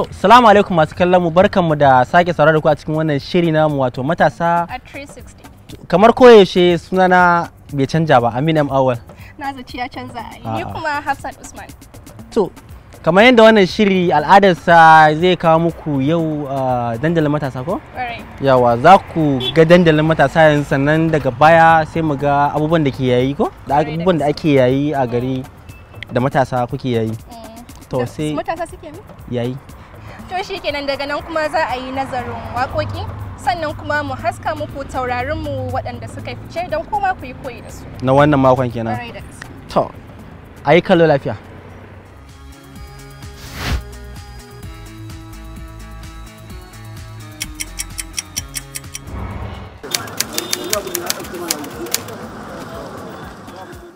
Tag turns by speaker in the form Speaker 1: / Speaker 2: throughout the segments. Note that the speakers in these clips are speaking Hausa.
Speaker 1: To, salamu alaikum masu kallon mu barkan mu da sake saurara da ku a cikin wannan shiri namu wato matasa. A
Speaker 2: 360.
Speaker 1: Kamar koyaushe sunana bai canja ba, Amin M. Awal.
Speaker 2: Na zaci ya canza, ni kuma Hafsat Usman.
Speaker 1: To, kamar yadda wannan shiri al'adarsa zai kawo muku yau dandalin matasa ko? yawa za ku ga dandalin matasa yanzu sannan daga baya sai mu ga abubuwan da ke yayi ko? da abubuwan da ake yayi a gari da matasa kuke yayi mm. to sai matasa suke yayi
Speaker 2: to shi kenan daga nan kuma za a yi nazarin waƙoƙi sannan kuma mu haska muku taurarinmu waɗanda suka fice don kuma ku yi koyi da su
Speaker 1: na wannan makon kenan to a kallo lafiya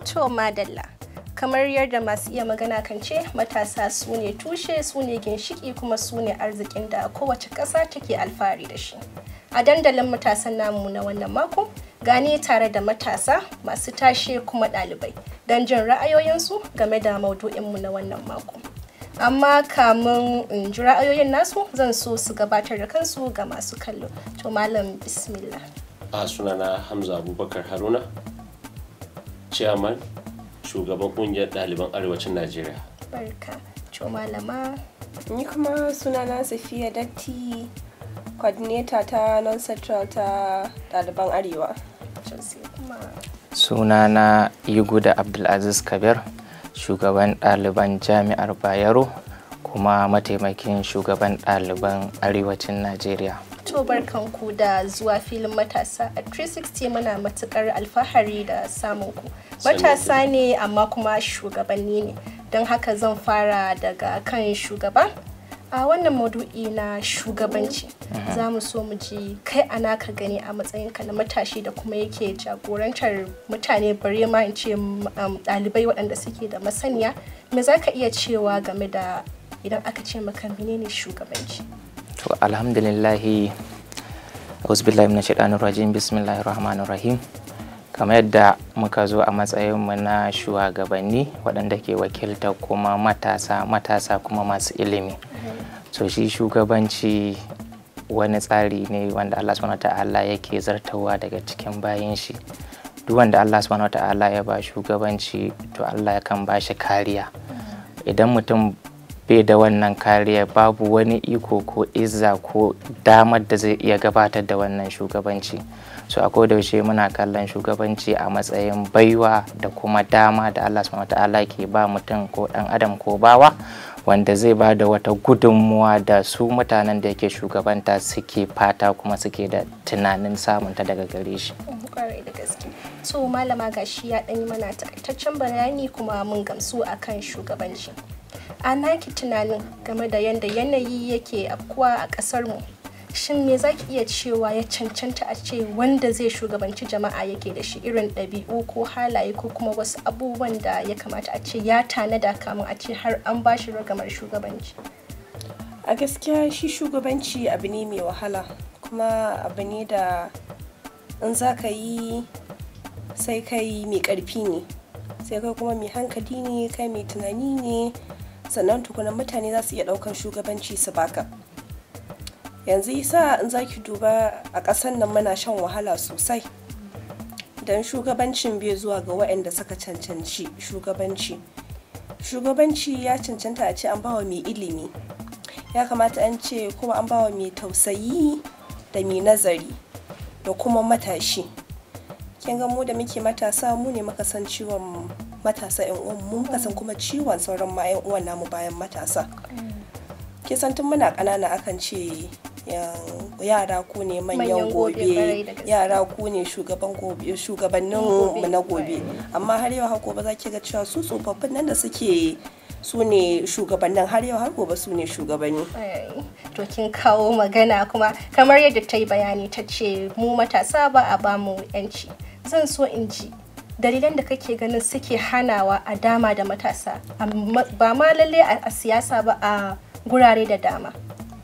Speaker 2: to madalla kamar yadda masu iya magana kan ce matasa su ne tushe su ne ginshiki kuma su ne arzikin da kowace ƙasa take alfahari da shi a dandalin matasan namu na wannan mako gani tare da matasa masu tashe kuma ɗalibai don jin ra'ayoyinsu game da maudu'inmu na wannan mako amma kamun in ji ra'ayoyin nasu zan so su gabatar da kansu ga masu kallo to malam bismillah
Speaker 3: a sunana hamza abubakar haruna chairman shugaban kungiyar ɗaliban arewacin najeriya
Speaker 2: barka co malama ni kuma sunana
Speaker 4: safiya datti coordinator ta non central ta ɗaliban
Speaker 2: arewa
Speaker 1: sunana da abdulaziz kabir shugaban ɗaliban jami'ar bayero kuma mataimakin shugaban ɗaliban arewacin najeriya
Speaker 2: To ku da zuwa filin matasa a 360 muna matukar alfahari da samun ku. Matasa ne amma kuma shugabanni ne. Don haka zan fara daga kan shugaba. A wannan maudu'i na shugabanci za mu so mu ji kai ana ka gani a matsayinka na matashi da kuma yake jagorantar mutane bare ma in ce um, ɗalibai waɗanda suke da masaniya. Me za ka iya cewa game da idan aka ce maka menene shugabanci?
Speaker 1: to alhamdulillahi ausbillahi na shaɗanin rajim bismillahi rahmanir rahim kamar yadda muka zo a matsayin mu na shugabanni waɗanda ke wakilta kuma matasa matasa kuma masu ilimi so shi shugabanci wani tsari ne wanda allah subhanahu ta'ala yake zartawa daga cikin bayan shi duk wanda allah subhanahu ta'ala ya ba shugabanci to allah ya kan ba shi kariya idan mutum bai da wannan kariya babu wani iko ko izza ko damar da zai iya gabatar da wannan shugabanci so a kodaushe muna kallon shugabanci a matsayin baiwa da kuma dama da allah subhanahu ta'ala ke ba mutum ko dan adam ko bawa wanda zai ba da wata gudunmuwa da su mutanen da yake shugabanta suke fata kuma suke da tunanin samunta daga gare shi
Speaker 2: malama gashi ya ɗanyi mana takaitaccen bayani kuma mun gamsu akan shugabanci a naki tunanin game da yadda yanayi yake afkuwa a ƙasar mu shin me za ki iya cewa ya cancanta a ce wanda zai shugabanci jama'a yake da shi irin ɗabi'u ko halaye ko kuma wasu abubuwan da ya kamata a ce ya tanada kamun a ce har an ba shi ragamar shugabanci a gaskiya shi shugabanci abu ne mai wahala kuma abu ne da in
Speaker 4: za ka yi sai kai mai ƙarfi ne sai kai kuma mai hankali ne kai mai tunani ne sannan tukunan mutane za su iya daukan shugabanci su baka yanzu isa in za ki duba a ƙasan nan muna shan wahala sosai don shugabancin bai zuwa ga waɗanda suka cancanci shugabanci shugabanci ya cancanta a ce an bawa mai ilimi ya kamata an ce kuma an bawa mai tausayi da mai nazari da kuma matashi kin ga mu da muke matasa mu ne muka san ciwon matasa yan uwan mu muka san kuma ciwon sauran ma yan uwan namu bayan matasa ke san tun muna kanana akan ce yara ku ne manyan gobe yara ku ne shugabannin mu na gobe amma har yau hako ba za ki ga cewa su tsofaffin nan da suke su ne shugabannin har yau har gobe su ne shugabanni.
Speaker 2: To kin kawo magana kuma kamar yadda ta yi bayani ta ce mu matasa ba a bamu 'yanci. Zan so in ji dalilan da kake ganin suke hanawa a dama da matasa ba ma lalle a siyasa ba a gurare da dama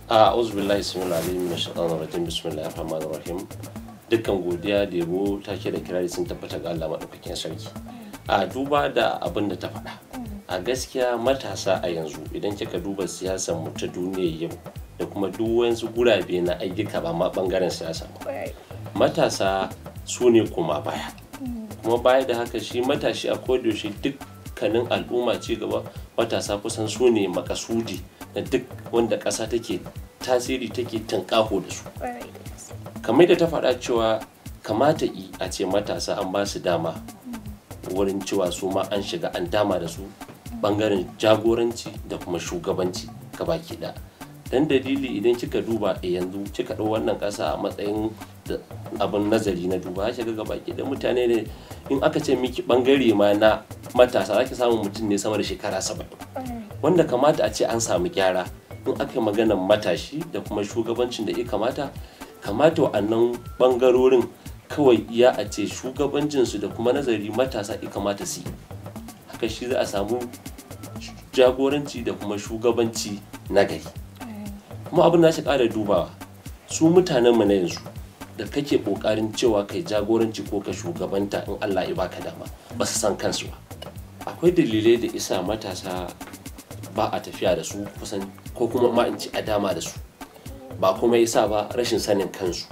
Speaker 3: a uzubillahi sunan alim na shaɗan rajin bismillah da rahim dukkan godiya da yabo take da kirari sun tabbata ga Allah maɗaukakin sarki a duba da abin da ta faɗa a gaskiya matasa a yanzu idan kika duba siyasar mu ta duniya yau da kuma duk wayansu gurabe na ayyuka ba ma bangaren siyasa matasa su ne kuma baya kuma baya da haka shi matashi a kodayaushe dukkanin al'umma ci gaba matasa kusan su ne makasudi na duk wanda ƙasa take tasiri take tunƙaho da su kamar da ta faɗa cewa kamata yi a ce matasa an ba su dama wurin cewa su ma an shiga an dama da su bangaren jagoranci da kuma shugabanci gabaki da dan dalili idan kika duba eh, yanzu kika ɗau wannan ƙasa a matsayin abin nazari na duba ya shiga baki da mutane ne in aka ce miki bangare ma na matasa zaki samu mutum ne sama da shekara saba'in wanda kamata a ce an samu gyara in aka yi maganar matashi da kuma shugabancin da ya kamata kamata nan bangarorin kawai ya a ce shugabancinsu da kuma nazari matasa ya kamata su haka shi za a samu jagoranci da kuma shugabanci na gari kuma abin da shi kara dubawa su mutanenmu na yanzu da kake kokarin cewa kai jagoranci ko ka shugabanta in Allah ya baka dama ba su san kansu ba akwai dalilai da isa matasa ba a tafiya da su kusan ko kuma ma in ci a dama da su ba kuma ya sa ba rashin sanin kansu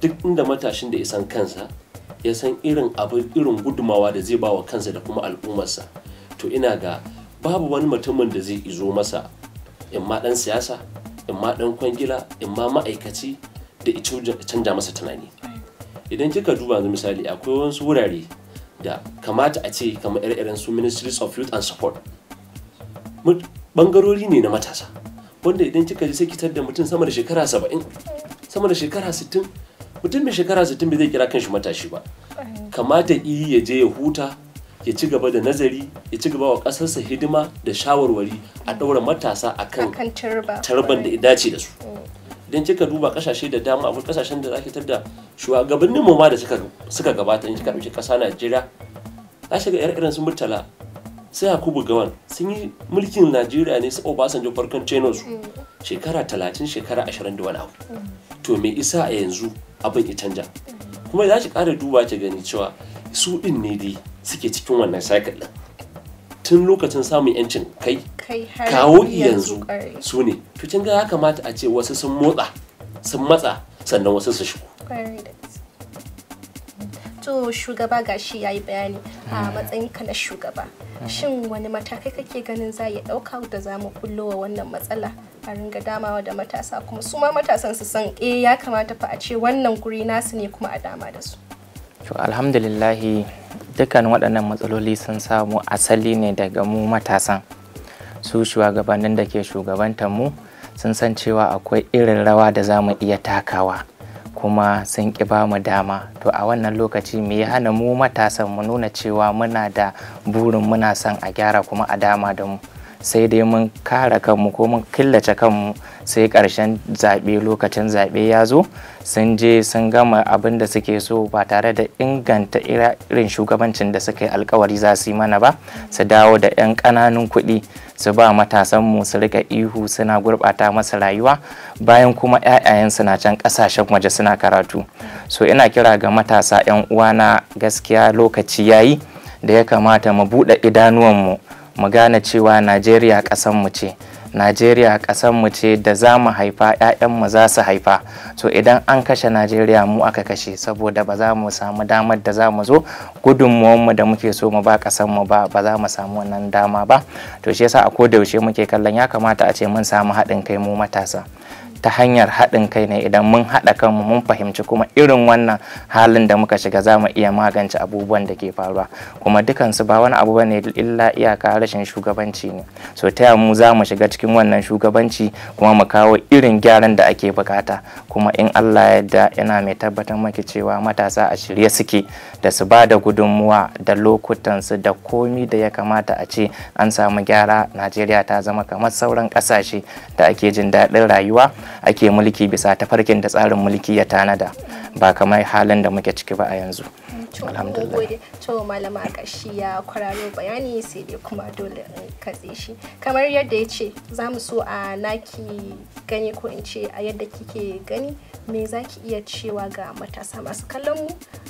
Speaker 3: duk inda matashin da isan kansa ya san irin abin irin gudumawa da zai bawa kansa da kuma al'ummarsa to ina ga babu wani mutumin da zai izo masa in ma dan siyasa in ma dan kwangila in ma ma'aikaci da canja masa tunani idan kika duba yanzu misali akwai wasu wurare da kamata a ce kamar irin su ministries of youth and support bangarori ne na matasa wanda idan kika ji sai kitar da mutum sama da shekara saba'in sama da shekara sittin mutum mai shekara sittin bai zai kira kanshi matashi ba kamata iyi ya je ya huta ya ci gaba da nazari ya ci gaba wa kasarsa hidima da shawarwari a ɗaura matasa akan tarban da ya dace da su mm. idan kika duba kasashe da dama abu kasashen da zaki tada shugabannin mu ma da suka suka gabata in kika dauki kasa Najeriya za shiga yar irin su Murtala sai Yakubu Gawan sun yi mulkin Najeriya ne su Obasanjo farkon Chenos shekara 30 shekara 20 da wani abu to me isa a yanzu abin ya canja kuma za shi kara duba ki gani cewa su din ne dai suke cikin wannan cycle din tun lokacin samun yancin kai
Speaker 2: kawo yanzu su ne
Speaker 3: to kin ga ya kamata a ce wasu sun motsa sun matsa sannan wasu su shigo
Speaker 2: to shugaba gashi ya yi bayani a hmm. matsayin ka na shugaba hmm. shin wani matakai kake ganin za ya ɗauka da za mu wa wannan matsala a ringa damawa da matasa kuma su ma matasan su san eh ya kamata fa a ce wannan guri nasu ne kuma a dama da
Speaker 1: su to alhamdulillahi dukkan waɗannan matsaloli sun samu asali ne daga mu matasan su shugabannin da ke shugabantar mu sun san cewa akwai irin rawa da za mu iya takawa kuma sun ƙi ba mu dama to a wannan lokaci mu yi hana mu matasan mu nuna cewa muna da burin muna son a gyara kuma a dama da mu sai dai mun kare kanmu ko mun killace kanmu sai ƙarshen zaɓe lokacin zaɓe ya zo sun je sun gama abin da suke so ba tare da inganta irin shugabancin da suka yi alkawari za su yi mana ba su dawo da 'yan ƙananun kuɗi su ba matasanmu su riƙa ihu suna gurɓata masa rayuwa bayan kuma 'ya'yayensu suna can ƙasashen waje suna karatu so ina kira ga matasa 'yan uwana gaskiya lokaci yayi da ya kamata mu buɗe idanuwanmu mu gane cewa najeriya ƙasan mu ce najeriya ƙasan mu ce da za mu haifa 'ya'yanmu za su haifa to idan an kashe najeriya mu aka kashe saboda ba za mu samu damar da za mu zo gudunmuwanmu da muke so mu ba ƙasan mu ba ba za mu samu wannan dama ba to shi yasa a koda yaushe muke kallon ya kamata a ce mun samu haɗin kai mu matasa ta hanyar haɗin kai ne idan mun haɗa kanmu mun fahimci kuma irin wannan halin da muka shiga za mu iya magance abubuwan da ke faruwa kuma dukansu ba wani abu ne illa iyaka rashin shugabanci ne so ta mu za mu shiga cikin wannan shugabanci kuma mu kawo irin gyaran da ake bukata kuma in Allah yadda yana mai tabbatar maki cewa matasa a shirye suke da su ba da gudunmuwa da lokutansu da komi da ya kamata a ce an samu gyara Najeriya ta zama kamar sauran ƙasashe da ake jin daɗin rayuwa ake mulki bisa tafarkin da tsarin mulki ya tanada ba kamar halin da muke ciki ba a yanzu
Speaker 2: alhamdulillah malama a ƙarshe ya kwararo bayani sai dai kuma dole in katse shi kamar yadda ya ce za mu so a naki gani ko in ce a yadda kike gani me za ki iya cewa ga matasa masu kallon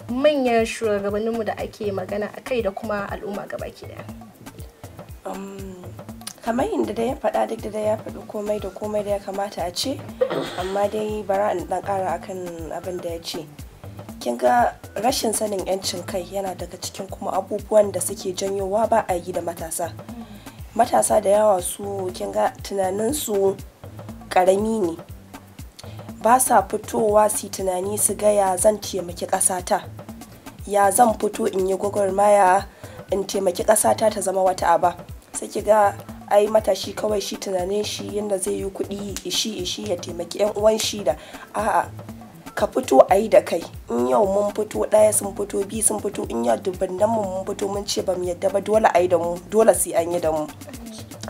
Speaker 2: mu manyan shugabanninmu da ake magana a kai da kuma al'umma gaba ki daya um, kamar yin da ya faɗa duk da ya faɗi komai da komai da ya kamata a
Speaker 4: ce amma dai bara in ɗan ƙara akan abin da ya ce kin ga rashin sanin yancin kai yana daga cikin kuma abubuwan da suke janyowa ba a yi da matasa matasa da yawa su kin ga tunaninsu ƙarami ne ba sa fitowa su tunani su ga ya zan taimaki ƙasata ya zan fito in yi gwagwarmaya in taimaki ƙasata ta zama wata aba sai ga ai matashi kawai shi tunanin shi yadda zai yi kuɗi ishi ishi ya taimaki yan uwan shi da a'a ka fito a yi da kai in yau mun fito ɗaya sun fito bi sun fito in yau dubban nan mun fito mun ce ba mu yadda ba dole a yi da mu dole sai an yi da mu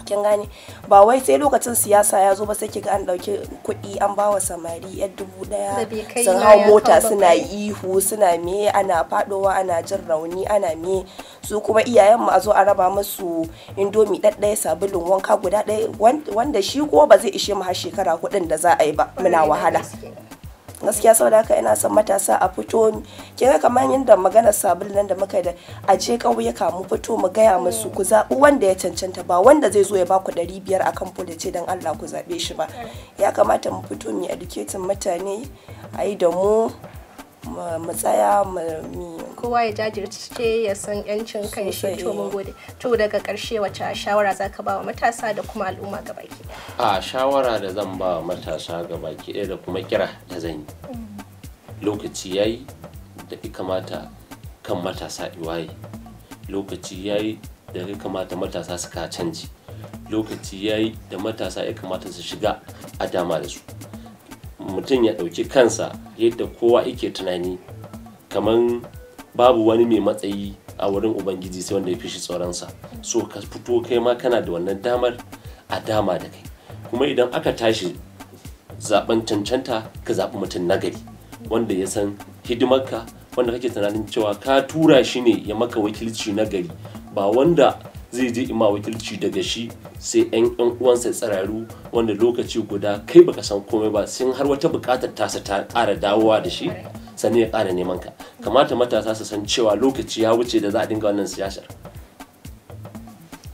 Speaker 4: kin gane ba wai sai lokacin siyasa ya zo ba sai kiga an dauki kuɗi an bawa samari yar dubu daya sun hau mota suna ihu suna me ana fadowa ana jin rauni ana me su kuma iyayen mu a zo a raba musu indomi ɗaɗɗaya sabulun wanka guda ɗaya wanda shi ko ba zai ishe mu har shekara kuɗin da za a yi ba muna wahala gaskiya saboda haka ina son matasa a fito Ke ga kamar yadda magana sabulu nan da muka da a je ƙauyuka mu fito mu gaya musu ku zaɓi wanda ya cancanta ba wanda zai zo ya baku ɗari biyar a kan da ce don Allah ku zaɓe shi ba ya
Speaker 2: kamata mu fito mu yi mutane a yi da mu mu tsaya mu kowa ya jajirce ya san yancin kan shi to mun gode to daga karshe wacce shawara zaka ba wa matasa da kuma al'umma baki
Speaker 3: a shawara da zan ba wa matasa baki ɗaya da kuma kira da zan yi lokaci yayi da ya kamata kan matasa iwaye lokaci yayi da ya kamata matasa su ka canji lokaci yayi da matasa ya kamata su shiga a dama da su mutum ya ɗauki kansa yadda kowa yake tunani kamar babu wani mai matsayi a wurin ubangiji sai wanda ya fi shi tsoronsa so ka fito kai ma kana da wannan damar a dama da kai kuma idan aka tashi zaben cancanta ka zaɓi mutum nagari wanda ya san hidimarka wanda kake tunanin cewa ka tura shi ne ya maka wakilci nagari ba wanda zai je ima wakilci daga shi sai yan yan uwansa tsararru wanda lokaci guda kai baka san komai ba sun har wata bukatar tasa ta ƙara dawowa da shi sani ya ƙara neman ka kamata matasa su san cewa lokaci ya wuce da za a dinga wannan siyasar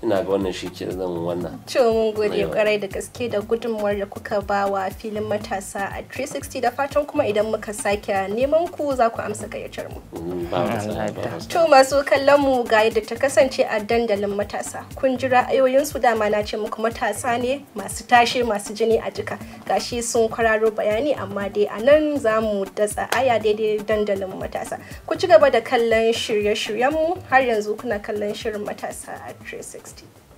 Speaker 3: ina ga wannan shi ke zan wannan to mun gode kwarai
Speaker 2: da gaske da gudunmuwar da kuka ba wa filin matasa a 360 da fatan kuma idan muka sake neman ku za ku amsa gayyatar mu
Speaker 1: mm, to masu
Speaker 2: kallon mu ga yadda ta kasance a dandalin matasa kun ji ra'ayoyin su dama na ce muku matasa ne masu tashe masu jini a jika gashi sun kwararo bayani amma dai a nan za mu datsa aya daidai dandalin matasa ku ci gaba da kallon shirye-shiryen mu har yanzu kuna kallon shirin matasa a 360 2016.